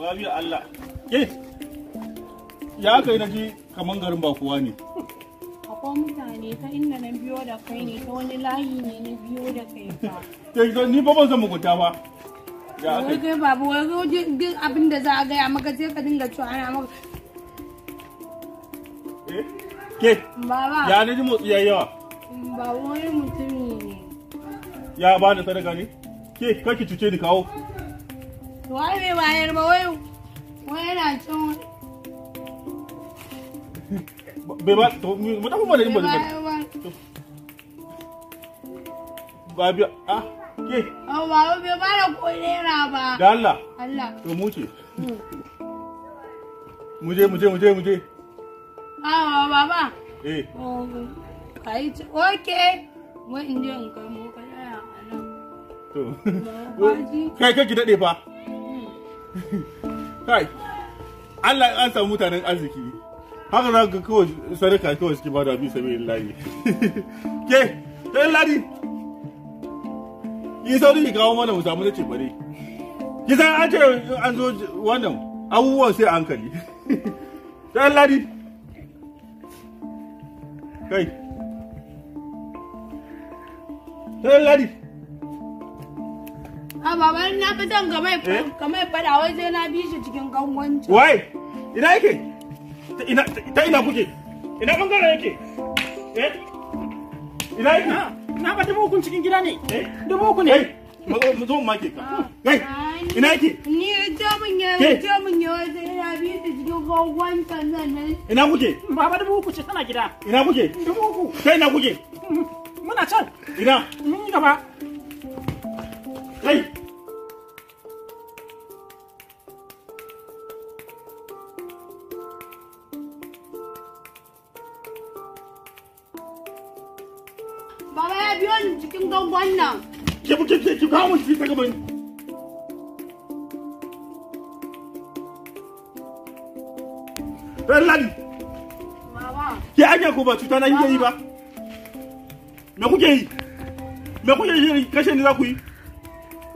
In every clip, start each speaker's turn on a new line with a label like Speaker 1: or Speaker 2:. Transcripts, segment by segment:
Speaker 1: Rabi Allah. Ke, ya kai na ji kaman garin bakuwa ne.
Speaker 2: Akwai mutane ta inda na biyo da kai ne ta wani layi ne na biyo da kai
Speaker 1: ba ni ba ban san mugunta ba. Ya kai. Wai
Speaker 2: babu wai duk abin da za a gaya maka sai ka dinga cewa ana maka.
Speaker 1: Eh, ke, baba ya ne ji motsi yayi yawa.
Speaker 2: Ba wani mutumi ne.
Speaker 1: Ya ba da sadaka ne? Ke, kake cuce ni kawo.
Speaker 2: wai bai ba wai wai
Speaker 1: ba to mu da kuma da ba ba ah ke
Speaker 2: oh ba ba da ba da Allah Allah to mu ce ah baba eh kai okay wai in je in
Speaker 1: kai kai Allah ya an samu mutanen arziki haka za ka kawai sadaka kawai suke bada bi sabi layi ke ke ladi yi sauri ki kawo mana mu samu na ce bare ki san an ce an zo wannan abubuwan sai hankali ke ladi kai ke ladi
Speaker 2: A baban na fi son ka mai fada eh? wai sai na bi shi cikin gangwanci.
Speaker 1: Wai, ina yake? Ta ina kuke? Ina bangare yake? Eh? Ina yake? Ah,
Speaker 2: na ba dubu kun cikin gida
Speaker 1: ne. Eh? Dubu kun ne. Mu zo mu make ka. Ah. Kai, ina yake?
Speaker 2: Ni ta mun ya ta mun ya sai na bi shi cikin gangwancin nan.
Speaker 1: Ina kuke? Baba dubu kun ce tana gida. Ina kuke? Dubu kun? Kai ina kuke? Muna can. Ina? Mun yi gaba. baba ya
Speaker 2: biyo ni cikin gangon nan.
Speaker 1: Ke muke ke ki kawo mun ta gaban. Ran ladi. Mama. Ke anya ko ba cuta na yi ba. Me kuke yi? Me kuke yi kashe ni za ku yi?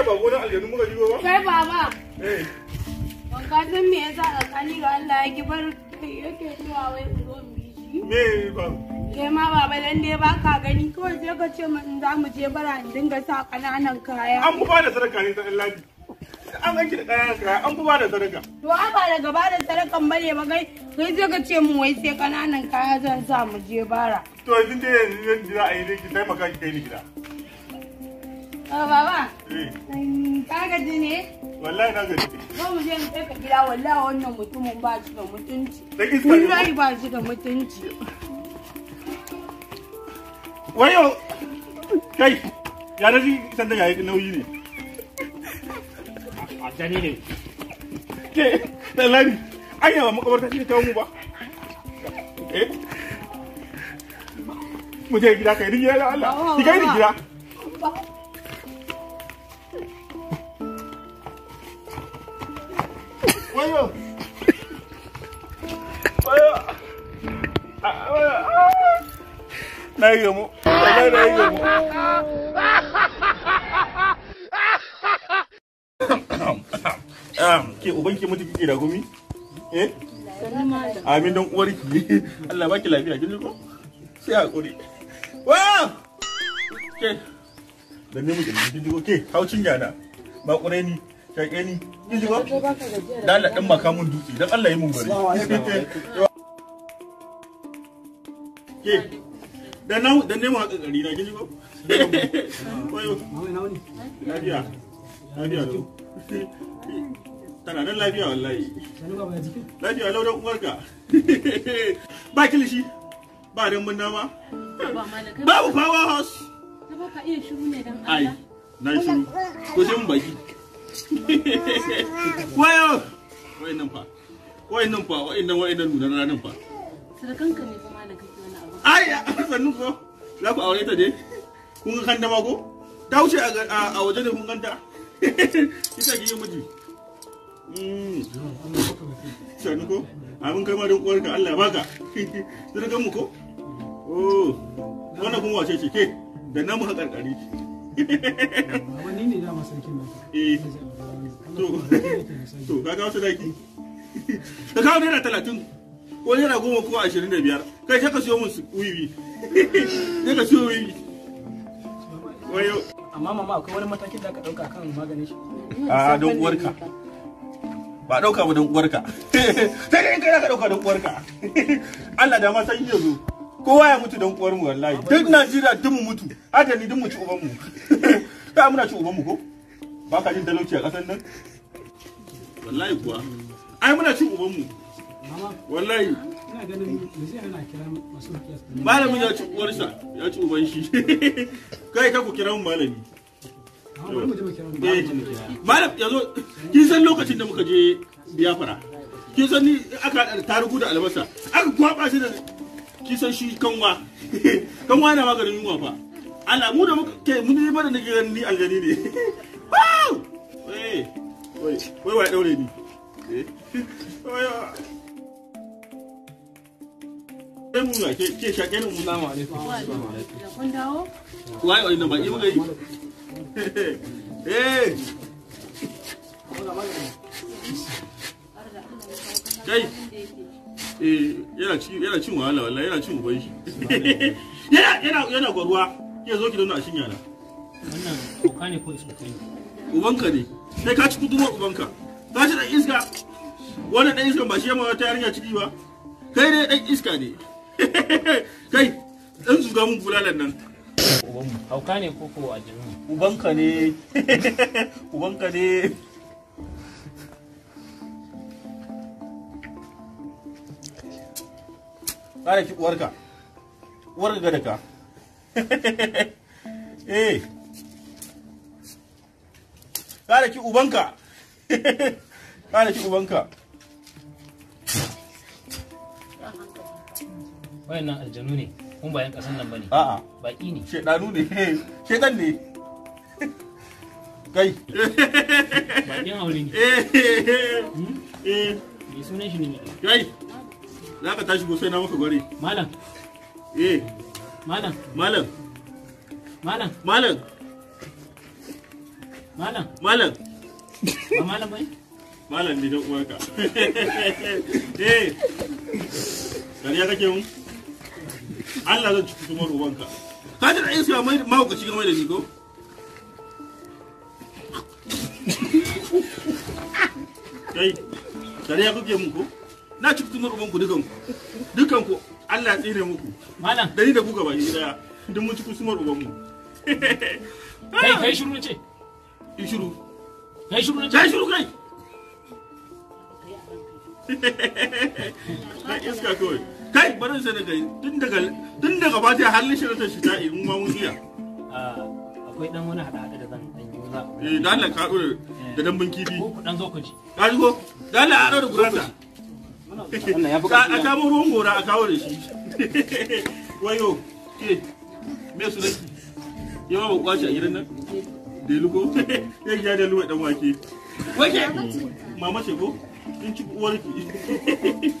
Speaker 1: ne ba gonar aljanu muka ji ba kai baba eh
Speaker 2: ban ka me yasa tsakani ga Allah ya ki bar yake zuwa wai zo mu
Speaker 1: shi me ba
Speaker 2: kai ma baba dan dai ba ka gani kawai sai ka ce mun za mu je bara in dinga sa kananan kaya an
Speaker 1: ba da sadaka ne ta Allah an ganki da kananan kaya an ba da sadaka
Speaker 2: to a ba da gaba da sadakan bane ba kai kai sai ka ce mun wai sai kananan kaya zan sa mu je bara
Speaker 1: to yanzu dai yanzu za a yi dai ki taimaka ki kai ni gida
Speaker 2: baba. Eh. Ka gaji ne?
Speaker 1: Wallahi na gaji.
Speaker 2: Zo mu je mu kai ka gida wallahi wannan mutumin ba shi da mutunci. Da iska ne. ba shi da mutunci.
Speaker 1: Wayo. Kai. Ya da san da yayi nauyi ne. A jani ne. Ke, lalani. Ai yawa makabarta shi ta mu ba. Eh. Mu ni gida. na yi gamu
Speaker 2: wallahi na yi gamu
Speaker 1: ke mutu kike da gumi eh amin don Allah baki lafiya kin ko sai hakuri wa ke ne kin ko ke haucin ba kurai ni shaƙe ni kin ko Allah maka mun dutse dan Allah yi mun bari ke da na da ne ma kakari na lafiya lafiya to tana nan lafiya wallahi lafiya lauran uwarka ba kilishi ba dan mun nama
Speaker 2: babu power house ta baka iya shiru ne dan Allah
Speaker 1: na shiru ko sai mun baki wayo wayannan fa wayannan fa wayannan wayannan nunan ranan fa
Speaker 2: ne
Speaker 1: Aya! sannu ko za ku aure ta dai kun ga kanta ko ta wuce a waje da kun kanta kisa ki yi miji hmm. sannu ko abin kai ma don uwar ka Allah baka sun ga mu ko oh wannan kun wace ce ke da namu ha karkari wani ne dama sarkin nan eh to to kaga wasu daki ka kawo naira talatin ko naira goma ko ashirin da biyar kai sai ka siyo mun wiwi sai ka siyo wiwi wayo amma mama akwai wani matakin da ka dauka kan maganin shi a don uwarka ba dauka ba don uwarka sai dai kai ka dauka don uwarka Allah da ma san yanzu kowa ya mutu don uwar mu wallahi duk Najeriya duk mu mutu adani duk mu ci uban mu ta muna ci uban mu ko ba ka jin talauci a kasan nan wallahi kuwa ai muna ci uban mu wallahi
Speaker 2: malamin ya ci
Speaker 1: uwarsa ya ci uban shi kai ka ku kira mun malami malam ya kin san lokacin da muka je biyafara kin san ni aka tarugu da albasa aka kwaba shi da kin san shi kanwa kanwa na maganin yunwa fa ala mu da muka kai mun yi bada nake ganin ni aljani ne wai wai wai daure ni Ka muna ke ke shaƙe ni Kun dawo? Wai wai ba yi yi. Eh. Kai. Eh yana cin yana cin wahala wallahi yana cin uban Yana yana yana gwarwa. Ke zo ki a shinya na. Wannan koka ne ko iska ne? Ubanka ne. Sai ka ci kuduwar ubanka. Ka ci da iska. Wannan dan iska ba shi ma wata yarinya ciki ba. kai dai dan iska ne kai dan zuga mun bulalan nan ubanmu hauka ne ko ko ajinu ubanka ne ubanka ne kare ki uwarka uwarka da ka eh kare ki ubanka kare ki ubanka nan aljanu ne kun bayan kasan nan bane a'a baki ne shedanu ne shedan ne kai bakin aure ne eh me sunan shi ne kai za ka tashi sai na maka gwari malam eh malam malam malam malam malam malam ba malam bai malam ne dan uwanka eh kariya kake mun Allah zan cikin kuma ubanka ka ji da iska mai mahaukaci game da ni ko kai kare ya kuke muku na cikin kuma ubanku dukan ku dukan ku Allah ya tsire muku malam da ni da ku gaba daya duk mun ci kusumar ubanmu kai kai shiru ce in shiru kai shiru ce kai shiru kai kai iska kawai kai barin sai daga tun daga tun daga bata har lishin ta shi ta in ma mun iya
Speaker 2: ah, akwai dan wani hada hada
Speaker 1: da zan dan yi za eh dan Allah ka dora eh. da dan banki bi ko dan zo ku ji ka ji ko dan Allah a dora guranta wannan a kamo ruwan gora a kawo da shi wayo ke me su dai yawa ba kwashi a gidan nan da luko ya ja da luwa dan wake wake mama ce ko in ci uwarki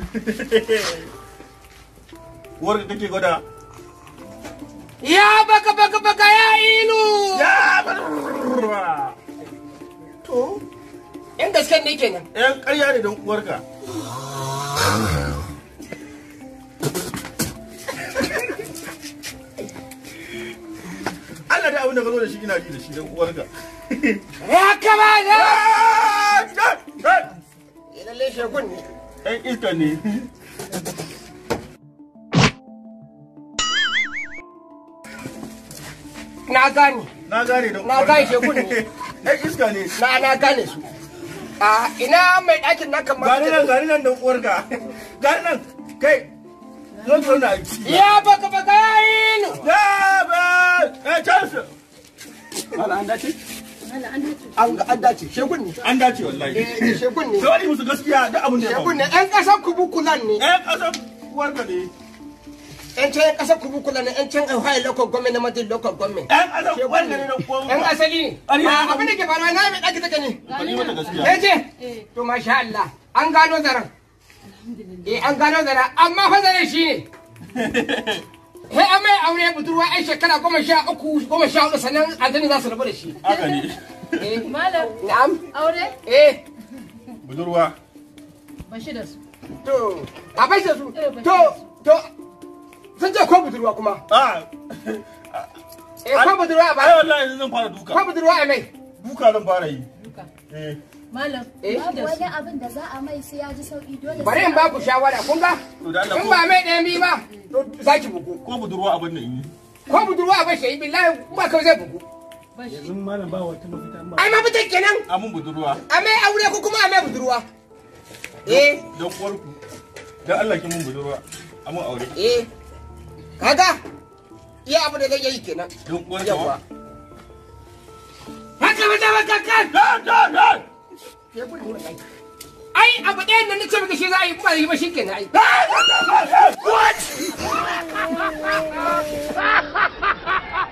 Speaker 1: uwar da take gwada ya baka baka baka ya ilu ya to yan gaske ne kenan yan karya ne don uwarka Allah da abin da ka zo da shi ina ji da shi don uwarka ya kama da ya lalle shegun ne ɗan ita ne na gane na gane da na gane shekun ne ɗan iska ne na na gane su
Speaker 2: a ina mai ɗakin na kamar Gari nan gari
Speaker 1: nan don uwarka Gari nan kai zan zo na yi ya baka baka yayin. ni ya ba ya chance Ala an dace? an dace shegun ne an dace wallahi eh, eh ne ne ɗan ƙasar kubu kulan ne ɗan ƙasar warga ne ɗan can ƙasar kubu kula ne can local government na madrid local government ɗan ƙasar warga ne ɗan asali ne ah, abin da ke faruwa na mai ɗaki take ne ɗan ce to masha Allah an gano zaren eh an gano zaren amma fa shine. shi ne sai an mai aure budurwa ai shekara goma sha uku goma sha hudu sannan azumi za su rabu da shi haka ne eh, malam na'am aure eh budurwa ba shi da su to a bai da su eh, to to sun ce ko budurwa kuma a ah. eh ko budurwa ba ai wallahi zan fara duka ko budurwa a mai duka zan fara yi duka eh
Speaker 2: Malam, eh? babu wani abin da za a mai sai ya ji sauki dole. Bari in ba ku shawara, kun ga?
Speaker 1: In ba mai ɗaya bi ba, za ki bugu. Ko budurwa abin nan yi. Ko budurwa abin shi, billahi ba kawai zai bugu.
Speaker 2: Yanzu malam ba wata mafita
Speaker 1: ba. Ai mafitan kenan. Amin budurwa. A mai aure ko kuma a mai budurwa. Eh. Da kuwarku. Dan Allah ki mun budurwa. Amin aure. Eh. Kaga? Iya abu da zai yi kenan. Dan kuwarku. Haka mata mata kan. Dan dan dan. ai abu
Speaker 2: ɗayan nan nace maka shi za a yi ba yi ba what